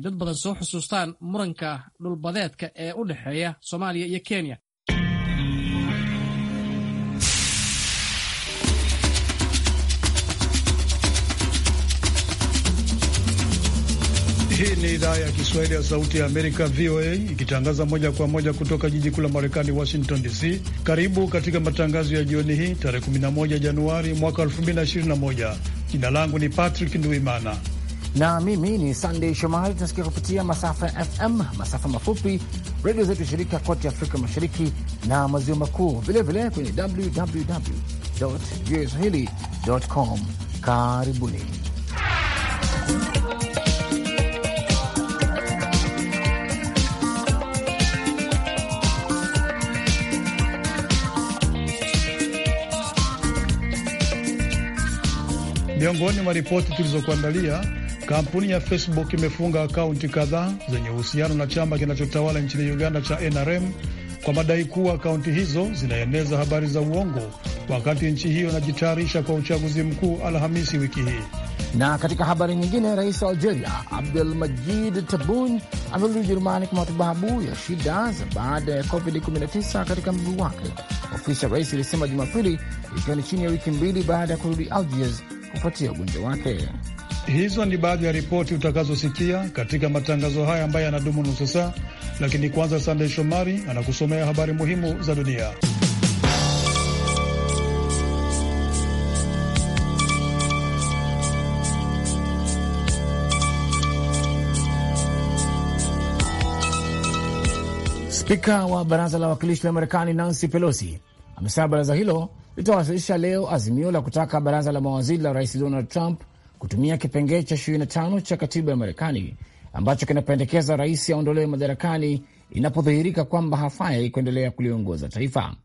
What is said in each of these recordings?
dad badan soo xusuustaan muranka dhulbadeedka ee u dhexeeya soomaaliya iyo kenya Hii ni idhaa ya Kiswahili ya Sauti ya Amerika, VOA, ikitangaza moja kwa moja kutoka jiji kuu la Marekani, Washington DC. Karibu katika matangazo ya jioni hii tarehe 11 Januari mwaka 2021. Jina langu ni Patrick Nduimana na mimi ni Sandey Shomari. Tunasikia kupitia masafa ya FM, masafa mafupi, redio zetu shirika kote Afrika Mashariki na Maziwa Makuu, vilevile kwenye www voaswahili com. Karibuni miongoni mwa ripoti tulizokuandalia Kampuni ya Facebook imefunga akaunti kadhaa zenye uhusiano na chama kinachotawala nchini Uganda cha NRM kwa madai kuwa akaunti hizo zinaeneza habari za uongo wakati nchi hiyo inajitayarisha kwa uchaguzi mkuu Alhamisi wiki hii. Na katika habari nyingine, rais wa Algeria Abdul Majid Tabun amerudi Ujerumani kwa matibabu ya shida za baada ya COVID-19 katika mguu wake, ofisi ya rais ilisema Jumapili, ikiwa ni chini ya wiki mbili baada ya kurudi Algiers kufuatia ugonjwa wake. Hizo ni baadhi ya ripoti utakazosikia katika matangazo haya ambayo yanadumu nusu saa, lakini kwanza, Sandey Shomari anakusomea habari muhimu za dunia. Spika wa baraza la wakilishi la Marekani Nancy Pelosi amesema baraza hilo litawasilisha leo azimio la kutaka baraza la mawaziri la rais Donald Trump kutumia kipengee cha 25 cha katiba ya Marekani ambacho kinapendekeza rais aondolewe madarakani inapodhihirika kwamba hafai kuendelea kuliongoza taifa.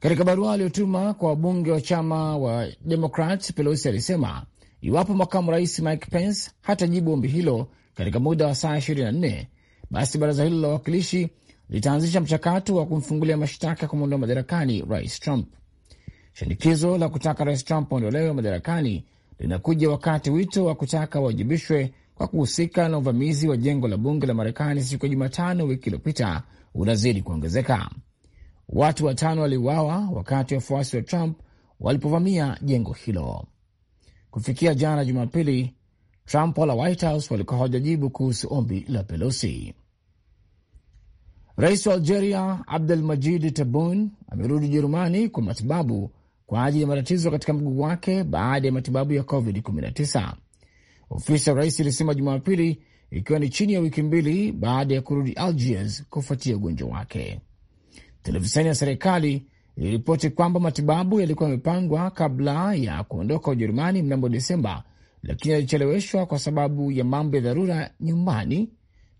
Katika barua aliyotuma kwa wabunge wa chama wa Demokrat, Pelosi alisema iwapo makamu rais Mike Pence hatajibu ombi hilo katika muda wa saa 24 basi baraza hilo la wawakilishi litaanzisha mchakato wa kumfungulia mashtaka kumwondoa madarakani rais Trump. Shinikizo la kutaka rais Trump aondolewe madarakani linakuja wakati wito wa kutaka wajibishwe kwa kuhusika na uvamizi wa jengo la bunge la Marekani siku ya Jumatano wiki iliyopita unazidi kuongezeka. Watu watano waliuawa wakati wafuasi wa Trump walipovamia jengo hilo. Kufikia jana Jumapili, Trump wala White House walikuwa hawajajibu kuhusu ombi la Pelosi. Rais wa Algeria Abdul Majid Tabun amerudi Ujerumani kwa matibabu kwa ajili ya matatizo katika mguu wake baada ya matibabu ya COVID-19. Ofisi ya rais ilisema Jumapili, ikiwa ni chini ya wiki mbili baada ya kurudi Algiers kufuatia ugonjwa wake. Televisheni ya serikali iliripoti kwamba matibabu yalikuwa yamepangwa kabla ya kuondoka Ujerumani mnamo Desemba, lakini yalicheleweshwa kwa sababu ya mambo ya dharura nyumbani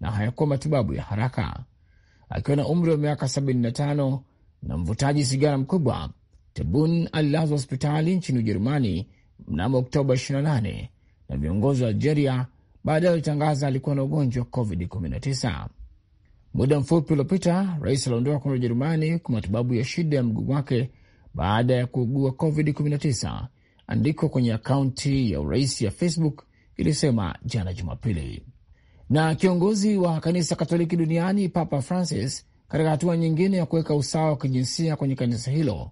na hayakuwa matibabu ya haraka. Akiwa na umri wa miaka 75 na mvutaji sigara mkubwa, Tebun alilazwa hospitali nchini Ujerumani mnamo Oktoba 28 na viongozi wa Algeria baadaye walitangaza alikuwa na ugonjwa wa COVID-19. Muda mfupi uliopita, rais aliondoka kwenda Ujerumani kwa matibabu ya shida ya mguu wake baada ya kuugua COVID-19. Andiko kwenye akaunti ya urais ya Facebook ilisema jana Jumapili. Na kiongozi wa kanisa Katoliki duniani Papa Francis, katika hatua nyingine ya kuweka usawa wa kijinsia kwenye kanisa hilo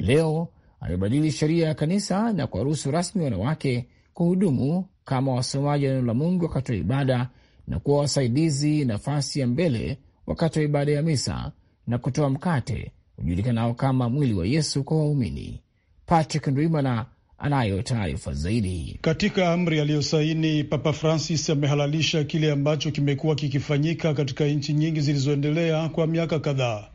leo amebadili sheria ya kanisa na kuwaruhusu rasmi wanawake kuhudumu kama wasomaji wa neno la Mungu wakati wa ibada na kuwa wasaidizi nafasi ya mbele wakati wa ibada ya misa na kutoa mkate ujulikanao kama mwili wa Yesu kwa waumini. Patrick Ndwimana anayo taarifa zaidi. Katika amri aliyosaini, Papa Francis amehalalisha kile ambacho kimekuwa kikifanyika katika nchi nyingi zilizoendelea kwa miaka kadhaa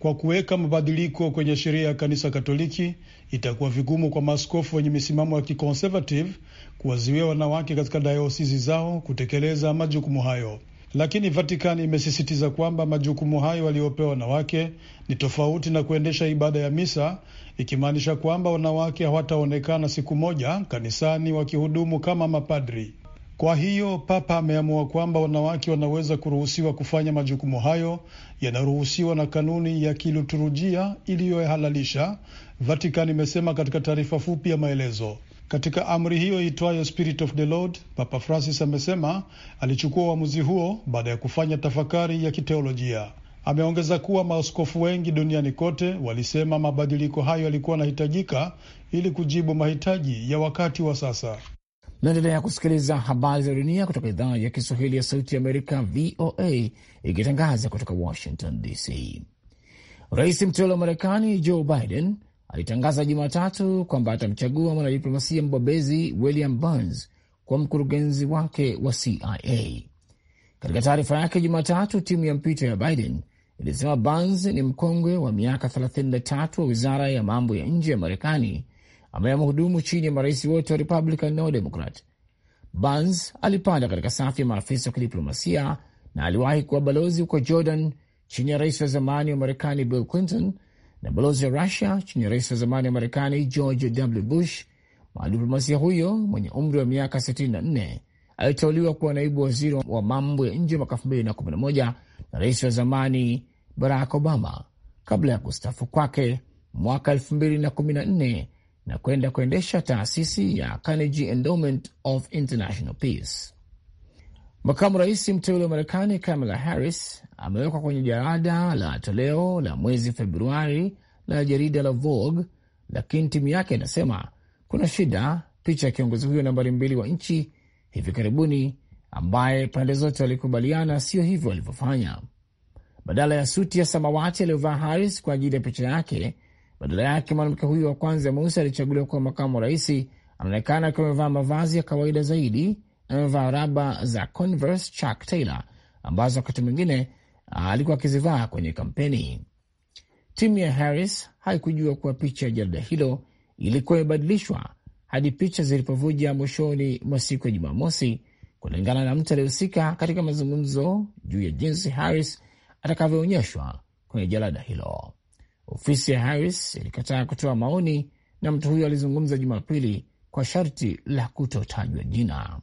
kwa kuweka mabadiliko kwenye sheria ya kanisa Katoliki, itakuwa vigumu kwa maaskofu wenye misimamo ya kikonservative kuwazuia wanawake katika dayosisi zao kutekeleza majukumu hayo. Lakini Vatikani imesisitiza kwamba majukumu hayo waliopewa wanawake ni tofauti na kuendesha ibada ya misa, ikimaanisha kwamba wanawake hawataonekana siku moja kanisani wakihudumu kama mapadri. Kwa hiyo Papa ameamua kwamba wanawake wanaweza kuruhusiwa kufanya majukumu hayo yanaruhusiwa na kanuni ya kiliturujia iliyohalalisha, vatican imesema katika taarifa fupi ya maelezo. Katika amri hiyo itwayo Spirit of the Lord, Papa Francis amesema alichukua uamuzi huo baada ya kufanya tafakari ya kiteolojia. Ameongeza kuwa maaskofu wengi duniani kote walisema mabadiliko hayo yalikuwa yanahitajika ili kujibu mahitaji ya wakati wa sasa. Naendelea kusikiliza habari za dunia kutoka idhaa ya Kiswahili ya Sauti ya Amerika, VOA, ikitangaza kutoka Washington DC. Rais mteule wa Marekani Joe Biden alitangaza Jumatatu kwamba atamchagua mwanadiplomasia mbobezi William Burns kwa mkurugenzi wake wa CIA. Katika taarifa yake Jumatatu, timu ya mpito ya Biden ilisema Burns ni mkongwe wa miaka 33 wa wizara ya mambo ya nje ya Marekani ambaye amehudumu chini ya marais wote wa Republican na Wademokrat. Burns alipanda katika safu ya maafisa wa kidiplomasia na aliwahi kuwa balozi huko Jordan chini ya rais wa zamani wa Marekani Bill Clinton na balozi wa Rusia chini ya rais wa zamani wa Marekani George W. Bush. Mwanadiplomasia huyo mwenye umri wa miaka 64 aliteuliwa kuwa naibu waziri wa mambo ya nje mwaka 2011 na rais wa zamani Barack Obama kabla ya kustafu kwake mwaka 2014 na kwenda kuendesha taasisi ya Carnegie Endowment of International Peace. Makamu rais mteule wa Marekani Kamala Harris amewekwa kwenye jarada la toleo la mwezi Februari la jarida la Vogue, lakini timu yake inasema kuna shida. Picha ya kiongozi huyo nambari mbili wa nchi hivi karibuni, ambaye pande zote walikubaliana sio hivyo alivyofanya Badala ya suti ya samawati aliyovaa Harris kwa ajili ya picha yake badala yake mwanamke huyo wa kwanza mweusi alichaguliwa kuwa makamu wa rais anaonekana akiwa amevaa mavazi ya kawaida zaidi na amevaa raba za Converse Chuck Taylor ambazo wakati mwingine ah, alikuwa akizivaa kwenye kampeni. Timu ya Harris haikujua kuwa picha ya jarida hilo ilikuwa imebadilishwa hadi picha zilipovuja mwishoni mwa siku ya Jumamosi, kulingana na mtu aliyehusika katika mazungumzo juu ya jinsi Harris atakavyoonyeshwa kwenye jarada hilo. Ofisi ya Harris ilikataa kutoa maoni na mtu huyo alizungumza Jumapili kwa sharti la kutotajwa jina.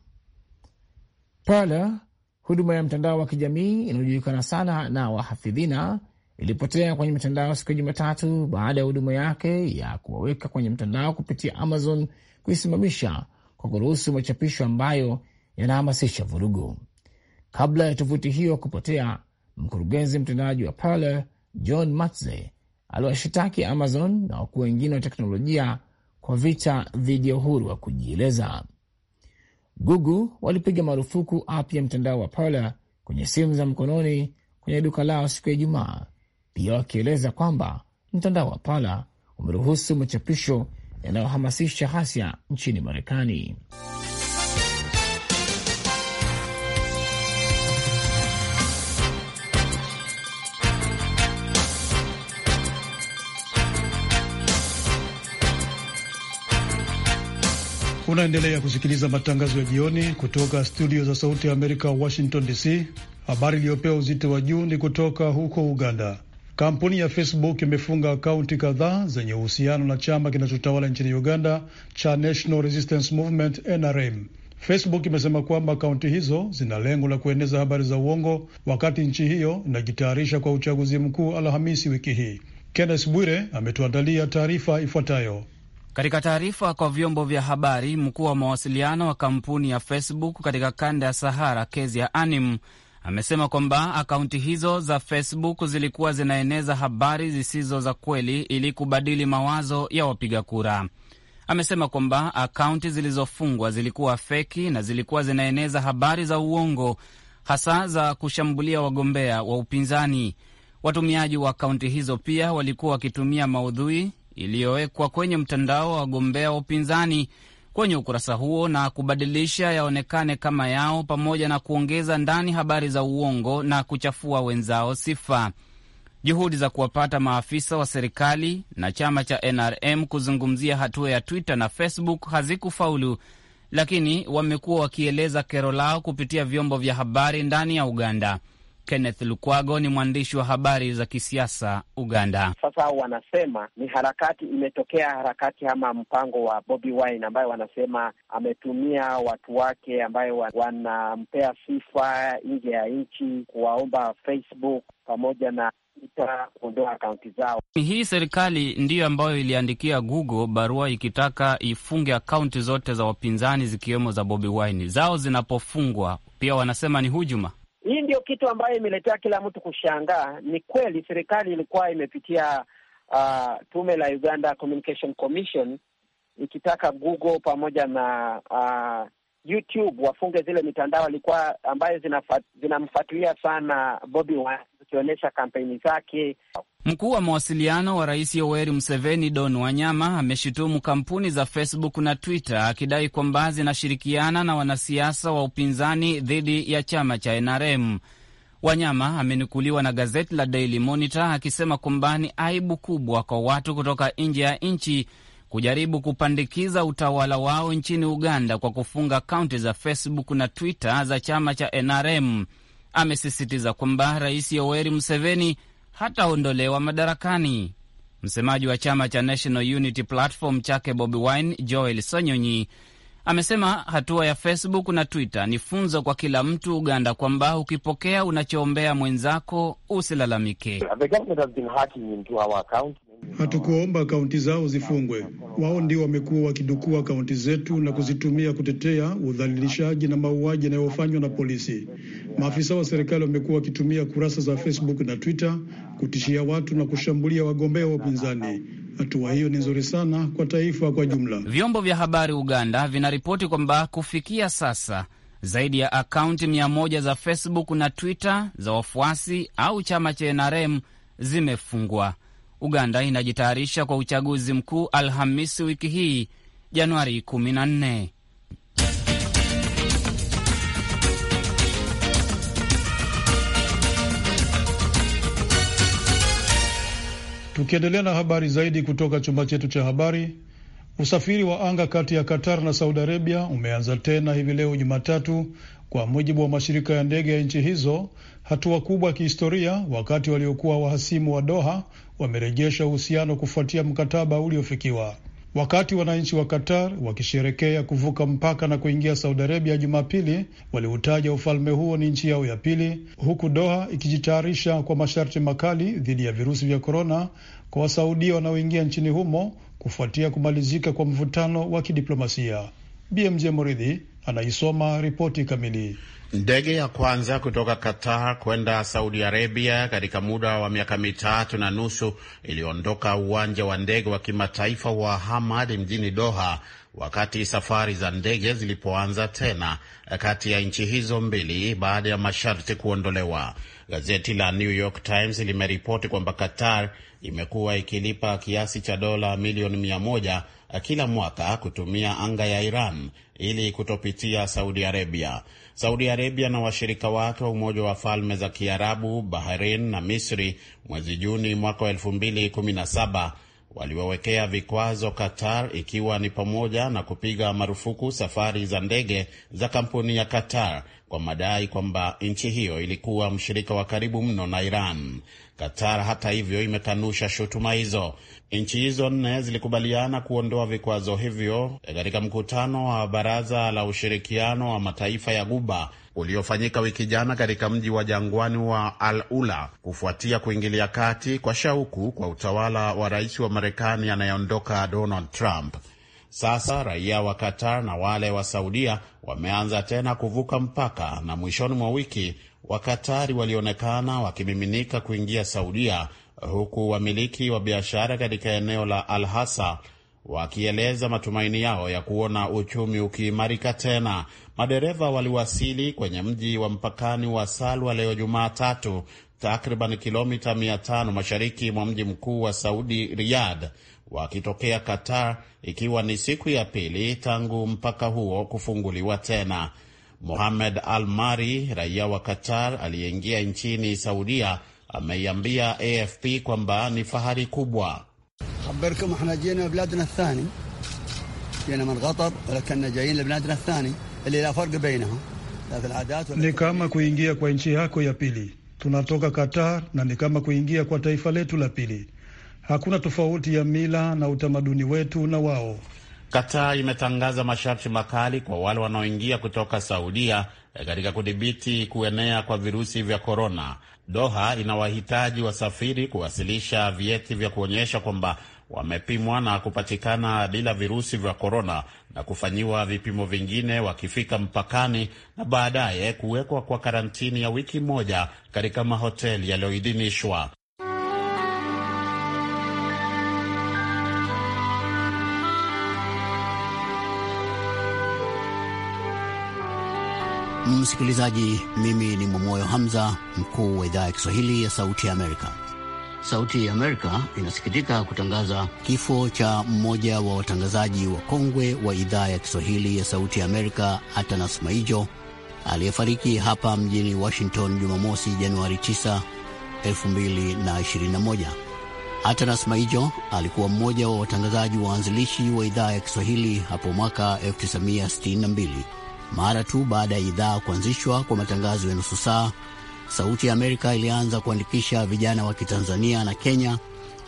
Parler, huduma ya mtandao wa kijamii inayojulikana sana na wahafidhina, ilipotea kwenye mtandao siku ya Jumatatu baada ya huduma yake ya kuwaweka kwenye mtandao kupitia Amazon kuisimamisha kwa kuruhusu machapisho ambayo yanahamasisha vurugu. Kabla ya tovuti hiyo kupotea, mkurugenzi mtendaji wa Parler John Matze aliwashitaki Amazon na wakuu wengine wa teknolojia kwa vita dhidi ya uhuru wa kujieleza. Google walipiga marufuku app ya mtandao wa Parler kwenye simu za mkononi kwenye duka lao siku ya Ijumaa, pia wakieleza kwamba mtandao wa Parler umeruhusu machapisho yanayohamasisha ghasia nchini Marekani. Unaendelea kusikiliza matangazo ya jioni kutoka studio za Sauti ya Amerika, Washington DC. Habari iliyopewa uzito wa juu ni kutoka huko Uganda. Kampuni ya Facebook imefunga akaunti kadhaa zenye uhusiano na chama kinachotawala nchini Uganda cha National Resistance Movement, NRM. Facebook imesema kwamba akaunti hizo zina lengo la kueneza habari za uongo wakati nchi hiyo inajitayarisha kwa uchaguzi mkuu Alhamisi wiki hii. Kenneth Bwire ametuandalia taarifa ifuatayo. Katika taarifa kwa vyombo vya habari, mkuu wa mawasiliano wa kampuni ya Facebook katika kanda ya Sahara, Kezia Anim, amesema kwamba akaunti hizo za Facebook zilikuwa zinaeneza habari zisizo za kweli ili kubadili mawazo ya wapiga kura. Amesema kwamba akaunti zilizofungwa zilikuwa feki na zilikuwa zinaeneza habari za uongo, hasa za kushambulia wagombea wa upinzani. Watumiaji wa akaunti hizo pia walikuwa wakitumia maudhui iliyowekwa kwenye mtandao wa wagombea wa upinzani kwenye ukurasa huo na kubadilisha yaonekane kama yao, pamoja na kuongeza ndani habari za uongo na kuchafua wenzao sifa. Juhudi za kuwapata maafisa wa serikali na chama cha NRM kuzungumzia hatua ya Twitter na Facebook hazikufaulu, lakini wamekuwa wakieleza kero lao kupitia vyombo vya habari ndani ya Uganda. Kenneth Lukwago ni mwandishi wa habari za kisiasa Uganda. Sasa wanasema ni harakati imetokea, harakati ama mpango wa Bobi Wine ambayo wanasema ametumia watu wake ambaye wanampea sifa nje ya nchi, kuwaomba Facebook pamoja na kuondoa akaunti zao. Hii serikali ndiyo ambayo iliandikia Google barua ikitaka ifunge akaunti zote za wapinzani zikiwemo za Bobi Wine. Zao zinapofungwa pia wanasema ni hujuma. Hii ndio kitu ambayo imeletea kila mtu kushangaa. Ni kweli serikali ilikuwa imepitia uh, tume la Uganda Communication Commission ikitaka Google pamoja na uh, YouTube wafunge zile mitandao alikuwa ambayo zinamfuatilia sana Bobi Wine, zikionyesha kampeni zake Mkuu wa mawasiliano wa rais Yoweri Museveni, Don Wanyama, ameshutumu kampuni za Facebook na Twitter akidai kwamba zinashirikiana na wanasiasa wa upinzani dhidi ya chama cha NRM. Wanyama amenukuliwa na gazeti la Daily Monitor akisema kwamba ni aibu kubwa kwa watu kutoka nje ya nchi kujaribu kupandikiza utawala wao nchini Uganda kwa kufunga akaunti za Facebook na Twitter za chama cha NRM. Amesisitiza kwamba rais Yoweri Museveni hataondolewa madarakani. Msemaji wa chama cha National Unity Platform chake Bobi Wine, Joel Sonyonyi Amesema hatua ya Facebook na Twitter ni funzo kwa kila mtu Uganda kwamba ukipokea unachoombea mwenzako usilalamike. Hatukuomba akaunti zao zifungwe. Wao ndio wamekuwa wakidukua akaunti zetu na kuzitumia kutetea udhalilishaji na mauaji yanayofanywa na polisi. Maafisa wa serikali wamekuwa wakitumia kurasa za Facebook na Twitter kutishia watu na kushambulia wagombea wa upinzani. Hatua hiyo ni nzuri sana kwa taifa kwa jumla. Vyombo vya habari Uganda vinaripoti kwamba kufikia sasa zaidi ya akaunti mia moja za Facebook na Twitter za wafuasi au chama cha NRM zimefungwa. Uganda inajitayarisha kwa uchaguzi mkuu Alhamisi wiki hii, Januari 14. Tukiendelea na habari zaidi kutoka chumba chetu cha habari, usafiri wa anga kati ya Qatar na Saudi Arabia umeanza tena hivi leo Jumatatu, kwa mujibu wa mashirika ya ndege ya nchi hizo, hatua kubwa ya kihistoria, wakati waliokuwa wahasimu wa Doha wamerejesha uhusiano kufuatia mkataba uliofikiwa. Wakati wananchi wa Qatar wakisherekea kuvuka mpaka na kuingia Saudi Arabia Jumapili, waliutaja ufalme huo ni nchi yao ya pili, huku Doha ikijitayarisha kwa masharti makali dhidi ya virusi vya korona kwa wasaudia wanaoingia nchini humo kufuatia kumalizika kwa mvutano wa kidiplomasia. BMJ mridhi anaisoma ripoti kamili. Ndege ya kwanza kutoka Qatar kwenda Saudi Arabia katika muda wa miaka mitatu na nusu iliondoka uwanja wa ndege wa kimataifa wa Hamad mjini Doha wakati safari za ndege zilipoanza tena kati ya nchi hizo mbili baada ya masharti kuondolewa. Gazeti la New York Times limeripoti kwamba Qatar imekuwa ikilipa kiasi cha dola milioni mia moja kila mwaka kutumia anga ya Iran ili kutopitia Saudi Arabia. Saudi Arabia na washirika wake wa Umoja wa Falme za Kiarabu, Bahrain na Misri mwezi Juni mwaka wa e217 waliwawekea vikwazo Qatar, ikiwa ni pamoja na kupiga marufuku safari za ndege za kampuni ya Qatar kwa madai kwamba nchi hiyo ilikuwa mshirika wa karibu mno na Iran. Qatar hata hivyo imekanusha shutuma hizo. Nchi hizo nne zilikubaliana kuondoa vikwazo hivyo katika mkutano wa Baraza la Ushirikiano wa Mataifa ya Guba uliofanyika wiki jana katika mji wa jangwani wa Al Ula kufuatia kuingilia kati kwa shauku kwa utawala wa rais wa Marekani anayeondoka Donald Trump. Sasa raia wa Qatar na wale wa Saudia wameanza tena kuvuka mpaka na mwishoni mwa wiki Wakatari walionekana wakimiminika kuingia Saudia, huku wamiliki wa biashara katika eneo la Al Hasa wakieleza matumaini yao ya kuona uchumi ukiimarika tena. Madereva waliwasili kwenye mji wa mpakani wa Salwa leo Jumatatu, takriban kilomita 500 mashariki mwa mji mkuu wa Saudi, riyad wakitokea Qatar, ikiwa ni siku ya pili tangu mpaka huo kufunguliwa tena. Mohamed Al Mari, raia wa Qatar aliyeingia nchini Saudia, ameiambia AFP kwamba ni fahari kubwa. Ni kama kuingia kwa nchi yako ya pili. Tunatoka Qatar na ni kama kuingia kwa taifa letu la pili. Hakuna tofauti ya mila na utamaduni wetu na wao. Qatar imetangaza masharti makali kwa wale wanaoingia kutoka Saudia katika kudhibiti kuenea kwa virusi vya korona. Doha inawahitaji wasafiri kuwasilisha vyeti vya kuonyesha kwamba wamepimwa na kupatikana bila virusi vya korona na kufanyiwa vipimo vingine wakifika mpakani na baadaye kuwekwa kwa karantini ya wiki moja katika mahoteli yaliyoidhinishwa. Msikilizaji, mimi ni Mwamoyo Hamza, mkuu wa idhaa ya Kiswahili ya Sauti ya Amerika. Sauti ya Amerika inasikitika kutangaza kifo cha mmoja wa watangazaji wa kongwe wa idhaa ya Kiswahili ya Sauti ya Amerika, Atanas Maijo, aliyefariki hapa mjini Washington Jumamosi, Januari 9, 2021. Atanas Maijo alikuwa mmoja wa watangazaji waanzilishi wa idhaa ya Kiswahili hapo mwaka 1962 mara tu baada ya idhaa kuanzishwa kwa matangazo ya nusu saa, Sauti ya Amerika ilianza kuandikisha vijana wa Kitanzania na Kenya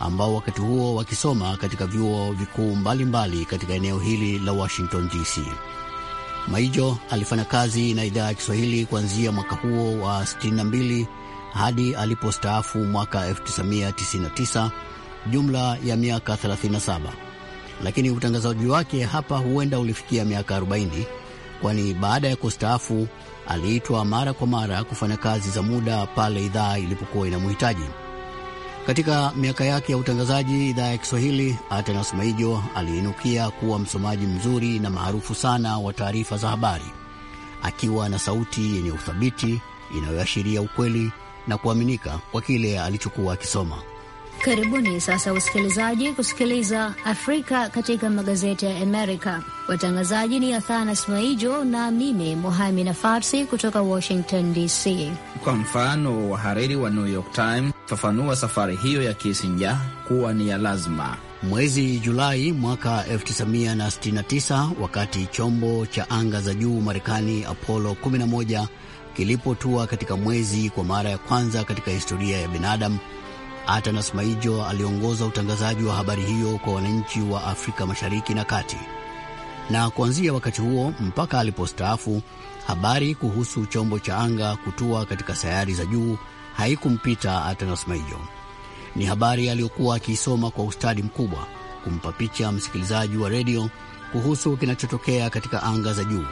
ambao wakati huo wakisoma katika vyuo vikuu mbalimbali katika eneo hili la Washington DC. Maijo alifanya kazi na idhaa ya Kiswahili kuanzia mwaka huo wa 62 hadi alipostaafu mwaka 1999, jumla ya miaka 37, lakini utangazaji wake hapa huenda ulifikia miaka 40 kwani baada ya kustaafu aliitwa mara kwa mara kufanya kazi za muda pale idhaa ilipokuwa inamhitaji. Katika miaka yake ya utangazaji idhaa ya Kiswahili, Atanas Maijo aliinukia kuwa msomaji mzuri na maarufu sana wa taarifa za habari, akiwa na sauti yenye uthabiti inayoashiria ukweli na kuaminika kwa kile alichokuwa akisoma. Karibuni sasa wasikilizaji, kusikiliza Afrika katika magazeti ya Amerika. Watangazaji ni athanas maijo na mimi Muhami na Farsi kutoka Washington DC. Kwa mfano, wahariri wa New York Times fafanua safari hiyo ya Kisinja kuwa ni ya lazima. Mwezi Julai mwaka 1969 wakati chombo cha anga za juu Marekani Apollo 11 kilipotua katika mwezi kwa mara ya kwanza katika historia ya binadamu Atanas Maijo aliongoza utangazaji wa habari hiyo kwa wananchi wa Afrika Mashariki na Kati, na kuanzia wakati huo mpaka alipostaafu, habari kuhusu chombo cha anga kutua katika sayari za juu haikumpita Atanas Maijo. Ni habari aliyokuwa akiisoma kwa ustadi mkubwa, kumpa picha msikilizaji wa redio kuhusu kinachotokea katika anga za juu.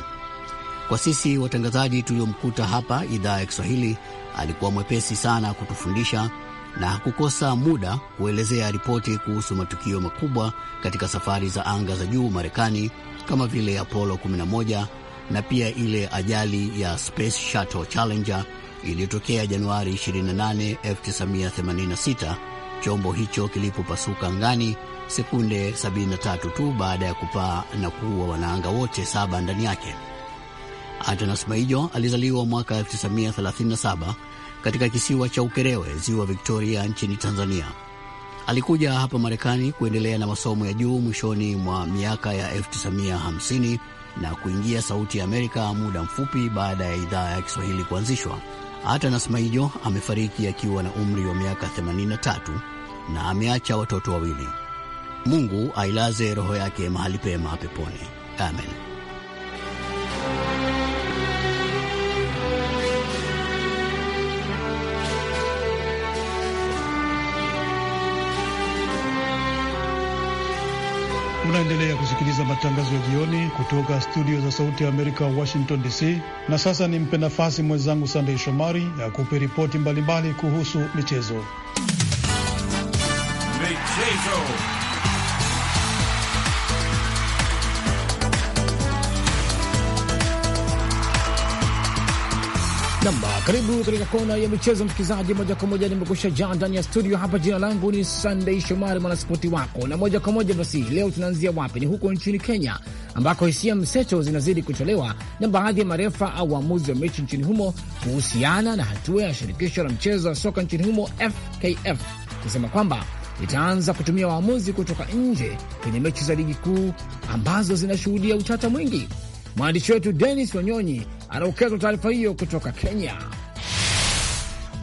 Kwa sisi watangazaji tuliomkuta hapa idhaa ya Kiswahili, alikuwa mwepesi sana kutufundisha na kukosa muda kuelezea ripoti kuhusu matukio makubwa katika safari za anga za juu Marekani kama vile Apollo 11 na pia ile ajali ya Space Shuttle Challenger iliyotokea Januari 28, 1986 chombo hicho kilipopasuka angani sekunde 73 tu baada ya kupaa na kuua wanaanga wote saba ndani yake. Atanas Maijo alizaliwa mwaka 1937 katika kisiwa cha Ukerewe, ziwa Victoria, nchini Tanzania. Alikuja hapa Marekani kuendelea na masomo ya juu mwishoni mwa miaka ya 1950 na kuingia Sauti ya Amerika muda mfupi baada ya idhaa ya Kiswahili kuanzishwa. Hata na Smaijo amefariki akiwa na umri wa miaka 83 na ameacha watoto wawili. Mungu ailaze roho yake mahali pema peponi. Amen. Mnaendelea kusikiliza matangazo ya jioni kutoka studio za Sauti ya Amerika, Washington DC. Na sasa nimpe nafasi mwenzangu Sandei Shomari akupe ripoti mbalimbali kuhusu michezo. Michezo. Nam, karibu katika kona ya michezo msikilizaji. Moja kwa moja nimekusha jaa ndani ya studio hapa. Jina langu ni sandei Shomari, mwanaspoti wako na moja kwa moja. Basi leo tunaanzia wapi? Ni huko nchini Kenya ambako hisia mseto zinazidi kutolewa na baadhi ya marefa au waamuzi wa mechi nchini humo kuhusiana na hatua ya shirikisho la mchezo wa soka nchini humo FKF kusema kwamba itaanza kutumia waamuzi kutoka nje kwenye mechi za ligi kuu ambazo zinashuhudia utata mwingi. Mwandishi wetu Denis Wanyonyi anaokezwa taarifa hiyo kutoka Kenya.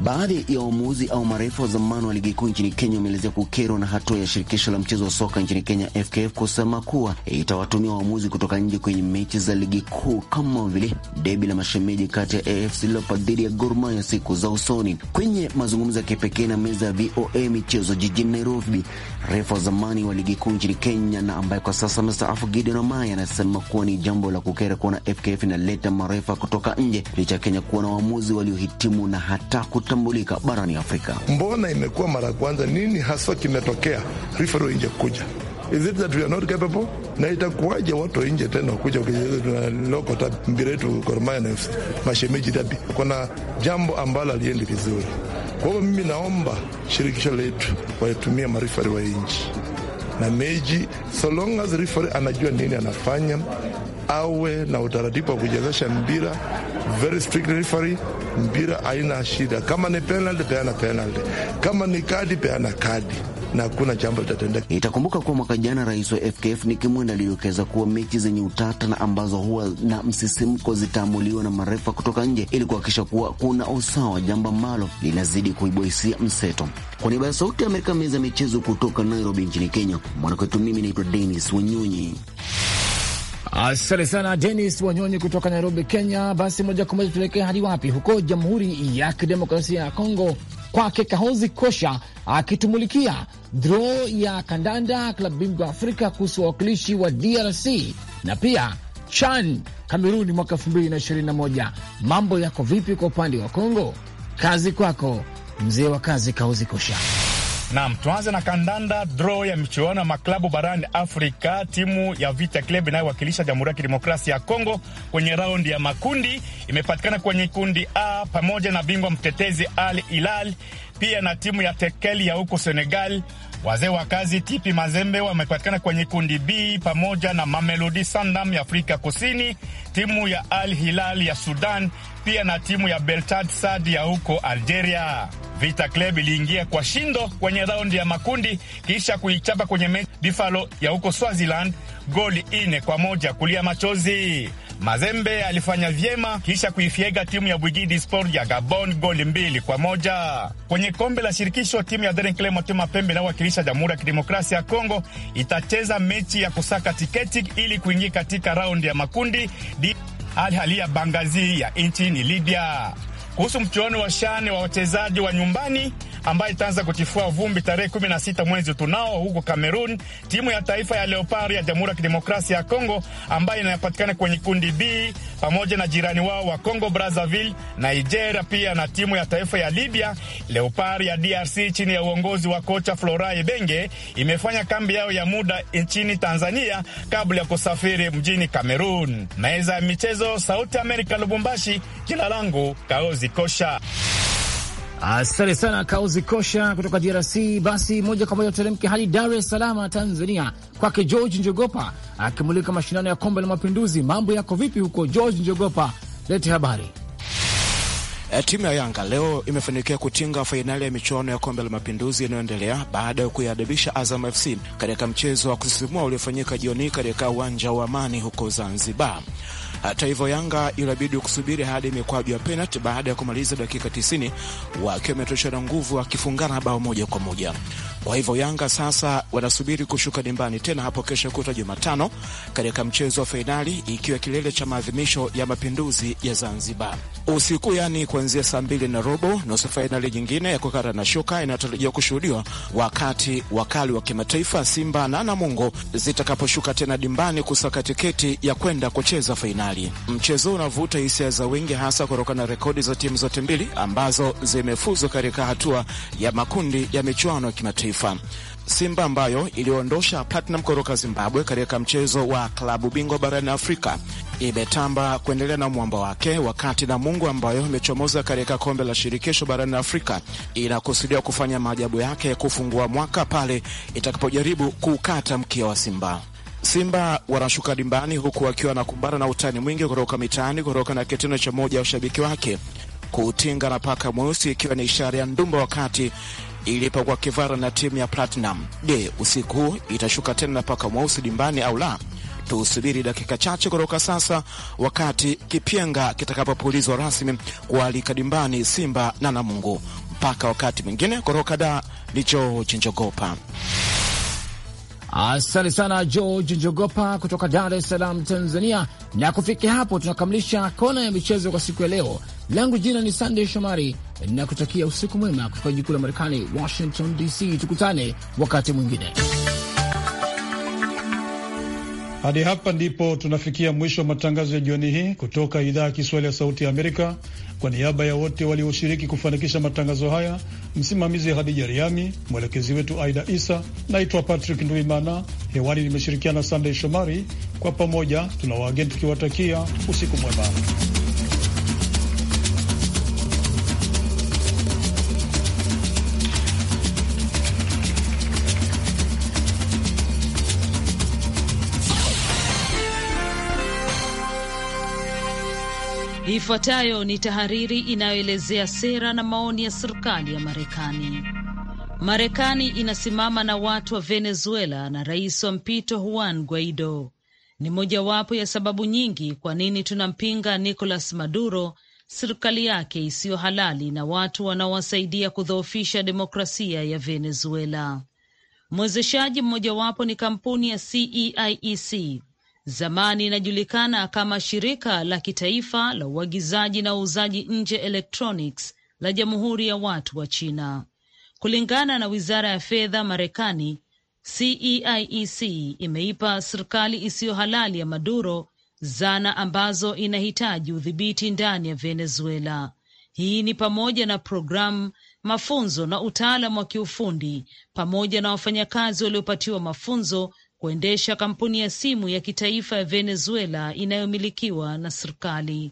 Baadhi ya waamuzi au marefu wa zamani wa ligi kuu nchini Kenya wameelezea kukerwa na hatua ya shirikisho la mchezo wa soka nchini Kenya, FKF, kusema kuwa itawatumia waamuzi kutoka nje kwenye mechi za ligi kuu kama vile debi la mashemeji kati ya AFC Leopards dhidi ya Gor Mahia siku za usoni. Kwenye mazungumzo ya kipekee na meza ya VOA michezo jijini Nairobi, refu wa zamani wa ligi kuu nchini Kenya na ambaye kwa sasa mstaafu Gideon Omaya anasema kuwa ni jambo la kukera kuona FKF inaleta marefa kutoka nje licha ya Kenya kuwa na waamuzi waliohitimu na hata kutambulika barani Afrika. Mbona imekuwa mara ya kwanza? Nini haswa kimetokea rifero inje kuja? Is it that we are not capable? Na itakuwaje watu wainje tena wakuja ukicheza loko mbira yetu Gor na mashemeji tabi? Kuna jambo ambalo aliendi vizuri. Kwa hivyo mimi naomba shirikisho letu waitumia marifari wa inji na meji, so long as referee anajua nini anafanya, awe na utaratibu wa kuchezesha mpira very strict referee. Mpira haina shida, kama ni penalty peana penalty, kama ni kadi peana kadi na hakuna jambo litatendeka. Itakumbuka kuwa mwaka jana rais wa FKF Nick Mwendwa alidokeza kuwa mechi zenye utata na ambazo huwa na msisimko zitaamuliwa na marefa kutoka nje ili kuhakikisha kuwa kuna usawa, jambo ambalo linazidi kuiboisia mseto. Kwa niaba ya Sauti ya Amerika, meza ya michezo kutoka Nairobi nchini Kenya, mwanakwetu, mimi naitwa Denis Wanyonyi. Asante sana Denis Wanyonyi kutoka Nairobi, Kenya. Basi moja kwa moja tuelekea hadi wapi? Huko Jamhuri ya Kidemokrasia ya Kongo, kwake Kahozi Kosha akitumulikia dro ya kandanda klabu bingwa Afrika kuhusu wawakilishi wa DRC na pia CHAN Kameruni mwaka 2021. Mambo yako vipi kwa upande wa Kongo? Kazi kwako mzee wa kazi, Kahozi Kosha. Nam, tuanze na kandanda. Draw ya michuano ya maklabu barani Afrika, timu ya Vita Club inayowakilisha Jamhuri ya Kidemokrasia ya Kongo kwenye raundi ya makundi imepatikana kwenye kundi A pamoja na bingwa mtetezi Al Hilal pia na timu ya Tekeli ya huko Senegal. Wazee wa kazi Tipi Mazembe wamepatikana kwenye kundi B pamoja na Mamelodi Sandam ya Afrika Kusini, timu ya Al Hilal ya Sudan pia na timu ya Beltad Sad ya huko Algeria. Vita Club iliingia kwa shindo kwenye raundi ya makundi kisha kuichapa kwenye mechi Buffalo ya huko Swaziland goli ine kwa moja kulia machozi. Mazembe alifanya vyema kisha kuifiega timu ya Bwigidi Sport ya Gabon goli mbili kwa moja. Kwenye kombe la shirikisho, timu ya Derencle Motema Pembe inayowakilisha Jamhuri ya Kidemokrasia ya Kongo itacheza mechi ya kusaka tiketi ili kuingia katika raundi ya makundi di ya Bangazi ya ni Libya. Kuhusu mchuano wa shani wa wachezaji wa nyumbani ambayo itaanza kutifua vumbi tarehe 16 mwezi tunao huko Cameroon. Timu ya taifa ya Leopard ya Jamhuri ya Kidemokrasia ya Kongo ambayo inapatikana kwenye kundi B pamoja na jirani wao wa congo Brazzaville, Nigeria, pia na timu ya taifa ya Libya. Leopard ya DRC chini ya uongozi wa kocha Florent Ibenge imefanya kambi yao ya muda nchini Tanzania kabla ya kusafiri mjini Cameroon. Meza ya michezo, Sauti Amerika, Lubumbashi. Jina langu Kaozi Kosha. Asante sana Kauzi Kosha kutoka DRC. Basi moja kwa moja uteremke hadi Dar es Salaam, Tanzania, kwake George Njogopa akimulika mashindano ya kombe la mapinduzi. Mambo yako vipi huko George Njogopa? Lete habari. Eh, timu ya Yanga leo imefanikiwa kutinga fainali ya michuano ya kombe la mapinduzi inayoendelea baada ya kuiadibisha Azam FC katika mchezo wa kusisimua uliofanyika jioni katika uwanja wa Amani huko Zanzibar. Hata hivyo, Yanga ilibidi kusubiri hadi mikwaju ya penalti baada ya kumaliza dakika 90 wakiwa wametosha na nguvu, wakifungana bao moja kwa moja. Kwa hivyo, Yanga sasa wanasubiri kushuka dimbani tena hapo kesho kutwa Jumatano katika mchezo wa fainali, ikiwa kilele cha maadhimisho ya mapinduzi ya Zanzibar usiku, yani kuanzia saa mbili na robo. Nusu fainali nyingine ya kukata na shuka inatarajiwa kushuhudiwa wakati wakali wa kimataifa Simba na Namungo zitakaposhuka tena dimbani kusaka tiketi ya kwenda kucheza fainali fainali. Mchezo unavuta hisia za wengi, hasa kutokana na rekodi za timu zote mbili ambazo zimefuzwa katika hatua ya makundi ya michuano ya kimataifa. Simba ambayo iliondosha Platinum kutoka Zimbabwe katika mchezo wa klabu bingwa barani Afrika imetamba kuendelea na mwamba wake, wakati Namungo ambayo imechomoza katika kombe la shirikisho barani Afrika inakusudia kufanya maajabu yake kufungua mwaka pale itakapojaribu kuukata mkia wa Simba. Simba wanashuka dimbani huku wakiwa wanakumbana na utani mwingi kutoka mitaani kutokana na kitendo cha moja ya ushabiki wake kuutinga na paka mweusi ikiwa ni ishara ya ndumba wakati ilipokuwa kivara na timu ya Platinum. Je, usiku huu itashuka tena na paka mweusi dimbani au la? Tusubiri dakika chache kutoka sasa, wakati kipyenga kitakapopulizwa rasmi kualika dimbani Simba na Namungu. Mpaka wakati mwingine, kutoka da ndicho chinjogopa. Asante sana George Njogopa kutoka Dar es Salaam, Tanzania. Na kufikia hapo, tunakamilisha kona ya michezo kwa siku ya leo. Langu jina ni Sandey Shomari na kutakia usiku mwema kutoka jikuu la Marekani, Washington DC. Tukutane wakati mwingine. Hadi hapa ndipo tunafikia mwisho wa matangazo ya jioni hii kutoka idhaa ya Kiswahili ya Sauti ya Amerika. Kwa niaba ya wote walioshiriki kufanikisha matangazo haya, msimamizi Hadija Riami, mwelekezi wetu Aida Isa. Naitwa Patrick Nduimana, hewani nimeshirikiana Sandey Shomari. Kwa pamoja tuna wageni tukiwatakia usiku mwema. Ifuatayo ni tahariri inayoelezea sera na maoni ya serikali ya Marekani. Marekani inasimama na watu wa Venezuela na rais wa mpito Juan Guaido ni mojawapo ya sababu nyingi kwa nini tunampinga Nicolas Maduro, serikali yake isiyo halali na watu wanaowasaidia kudhoofisha demokrasia ya Venezuela. Mwezeshaji mmojawapo ni kampuni ya CEIEC e zamani inajulikana kama Shirika la Kitaifa la Uagizaji na Uuzaji Nje Electronics la Jamhuri ya Watu wa China. Kulingana na Wizara ya Fedha Marekani, CEIEC e e imeipa serikali isiyo halali ya Maduro zana ambazo inahitaji udhibiti ndani ya Venezuela. Hii ni pamoja na programu, mafunzo na utaalamu wa kiufundi pamoja na wafanyakazi waliopatiwa mafunzo kuendesha kampuni ya simu ya kitaifa ya Venezuela inayomilikiwa na serikali.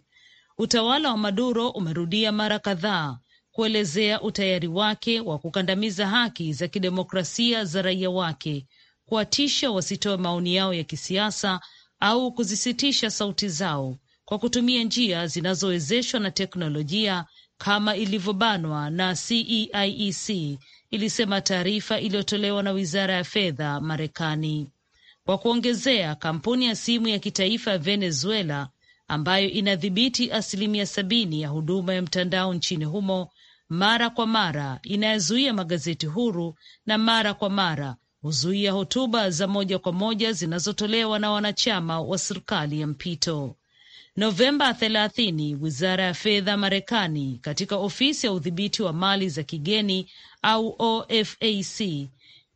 Utawala wa Maduro umerudia mara kadhaa kuelezea utayari wake wa kukandamiza haki za kidemokrasia za raia wake, kuwatisha wasitoe maoni yao ya kisiasa au kuzisitisha sauti zao kwa kutumia njia zinazowezeshwa na teknolojia kama ilivyobanwa na CEIEC, e e ilisema taarifa iliyotolewa na wizara ya fedha Marekani. Kwa kuongezea, kampuni ya simu ya kitaifa ya Venezuela ambayo inadhibiti asilimia sabini ya huduma ya mtandao nchini humo mara kwa mara inayozuia magazeti huru na mara kwa mara huzuia hotuba za moja kwa moja zinazotolewa na wanachama wa serikali ya mpito. Novemba 30 wizara ya fedha Marekani, katika ofisi ya udhibiti wa mali za kigeni au OFAC,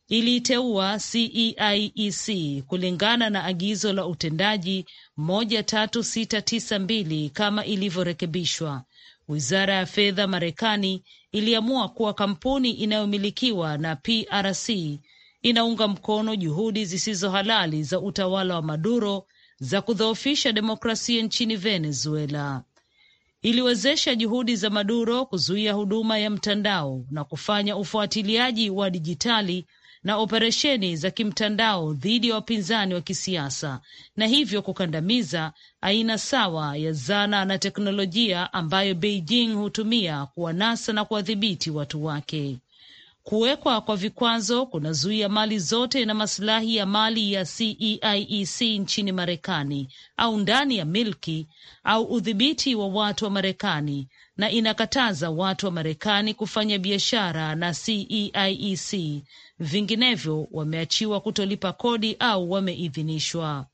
iliiteua CEIEC e e kulingana na agizo la utendaji 13692 kama ilivyorekebishwa. Wizara ya fedha Marekani iliamua kuwa kampuni inayomilikiwa na PRC inaunga mkono juhudi zisizo halali za utawala wa Maduro za kudhoofisha demokrasia nchini Venezuela. Iliwezesha juhudi za Maduro kuzuia huduma ya mtandao na kufanya ufuatiliaji wa dijitali na operesheni za kimtandao dhidi ya wapinzani wa kisiasa na hivyo kukandamiza aina sawa ya zana na teknolojia ambayo Beijing hutumia kuwanasa na kuwadhibiti watu wake. Kuwekwa kwa vikwazo kunazuia mali zote na masilahi ya mali ya CEIEC e e nchini Marekani au ndani ya milki au udhibiti wa watu wa Marekani na inakataza watu wa Marekani kufanya biashara na CEIEC, e vinginevyo wameachiwa kutolipa kodi au wameidhinishwa.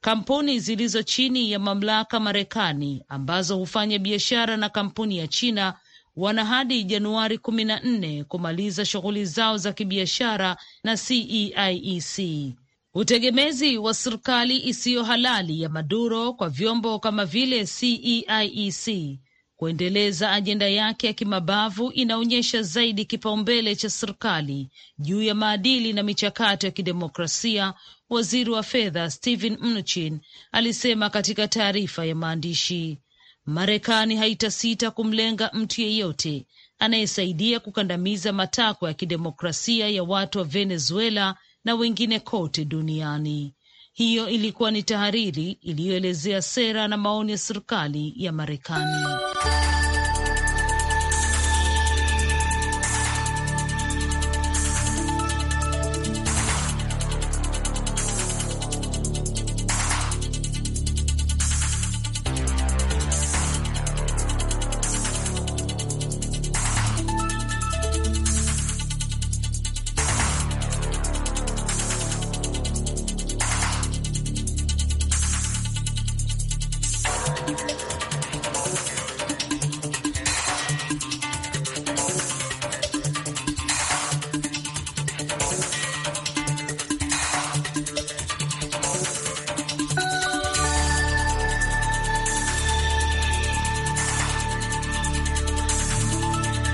Kampuni zilizo chini ya mamlaka Marekani ambazo hufanya biashara na kampuni ya China wana hadi Januari kumi na nne kumaliza shughuli zao za kibiashara na CEIEC. E e Utegemezi wa serikali isiyo halali ya Maduro kwa vyombo kama vile CEIEC e kuendeleza ajenda yake ya kimabavu inaonyesha zaidi kipaumbele cha serikali juu ya maadili na michakato ya kidemokrasia, waziri wa fedha Steven Mnuchin alisema katika taarifa ya maandishi. Marekani haitasita kumlenga mtu yeyote anayesaidia kukandamiza matakwa ya kidemokrasia ya watu wa Venezuela na wengine kote duniani. Hiyo ilikuwa ni tahariri iliyoelezea sera na maoni ya serikali ya Marekani.